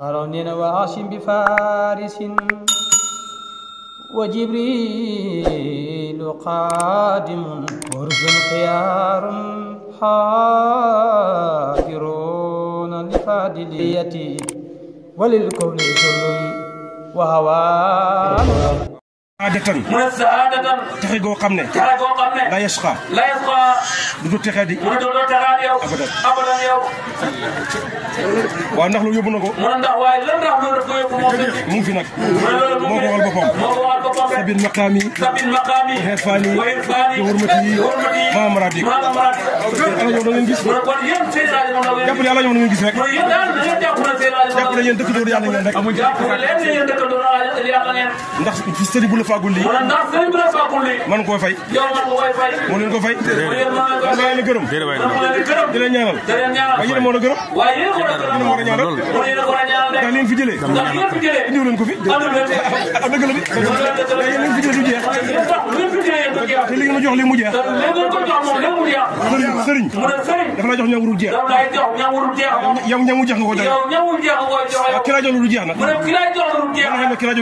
هارون وعاصم بفارس وجبريل قادم ورز خيار حاضرون لفادليتي وللكون كل وهوان سعادة مولاي سعادة تخي غو خامني تخي غو خامني لا يشقى لا يشقى دودو تخي دي دودو دو تخا دي يو ابدا ابدا يو وان نخلو يوبو نكو مون ندا واي لان راه لو رك يوبو مو فيك مو في نك مو غوال بوبام مو غوال بوبام سبين مقامي سبين مقامي هفاني وهفاني حرمتي ما مرادي ما مرادي انا يوم نين غيس مون كون يوم سي راج مون نوي جابري الله يوم نين غيس رك يوم دان دي جاب مون سي راج جابري يين دك دور يالا نين رك امو جاب لين يين دك دور يالا نين ndax fi sey bu la fàggul lii. wala ndax sëriñ bi la fàggul lii. man koo fay. yow man ko koy fay. moo leen ko fay. déedéet man maa leen gërëm. déedéet waay man maa leen gërëm. di leen ñaanal. di leen ñaanal waaye yéen a moo la gërëm. waaye yéen a moo la gërëm. yéen a moo la ñaanal. kon yéen a ko la ñaanal de. ndax leen fi jëlee. ndax leen fi jëlee. indiw leen ko fi. am na dëgg la bi. am na dëgg la bi. te li nga ma jox li mu jeex. moom lépp mu jeex. sëriñ sëriñ. mu ne sëriñ. dafa laa jox ñaawurul jeex. dafa laa jox ñaawurul jeex. na ñaawul jeex nga ko jox. yow ñaawul jeex nga ko ah, jox ma ne ki laa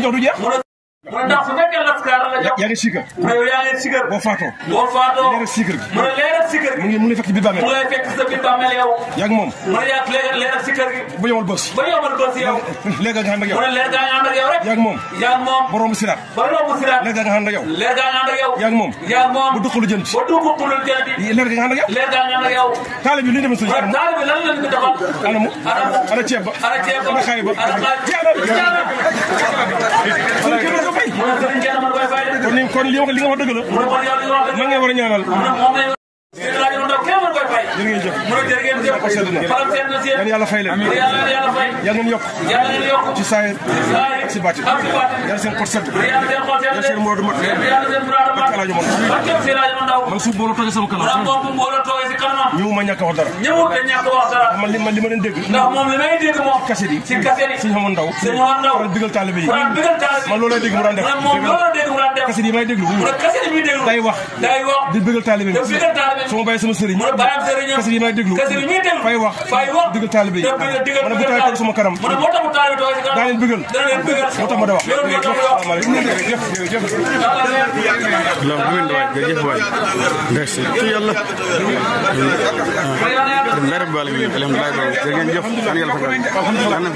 jox lu jeex. mën ndax su fekkee laskaar la jox yaa ngi sikar yow yaa ngi sikar boo faatoo boo faatoo leeral sikar gi mën a leeral sikar gi mu ngi mu ngi fekk ci biir bàmmeel mu lay fekk sa biir bàmmeel yow yaa ngi moom mën a yaa leeral sikar gi ba yomal bës ba yomal bës yow léegi nga xam ak yow mën a leer gaa nga ànd ak yow rek yaa ngi moom yaa ngi moom ba romb siraat ba romb siraat leer gaa nga ànd ak yow leer gaa nga ànd ak yow yaa ngi moom yaa ngi moom ba duqalu jënd ba duqalu jënd leer gaa nga ànd ak yow leer gaa nga ànd ak yow taale bi li ñu demal suñu taale bi lan lañu defal ana mu ana ceeb ba ana ceeb ba ana xaay ba kon kon li wax li nga wax dëgg la man nga war ñaanal jërë ngeen jëf man loolu lay dégg mu daan def moom loolu la dégg mu daan def di bëggal taalibe yi su ma bàyyi sama sëriñ mu ne bàyyam sëriñ kaset yi may déglu kaset yi muy déglu fay wax fay wax digal taalibe yi man bu taalibe toog sama kanam mu ne moo si kanam daa leen bëggal daa leen bëggal moo tax wax jërëjëf jërëjëf la bu ngeen waay jërëjëf waay merci ci yàlla merbe bal mi alhamdulillah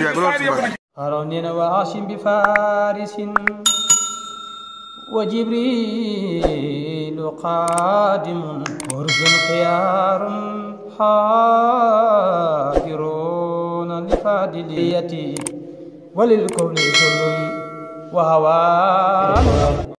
jërë ngeen هارون وعاصم بفارس وجبريل قادم ورز خيار حافرون لفاضليتي وللكون ذل وهوان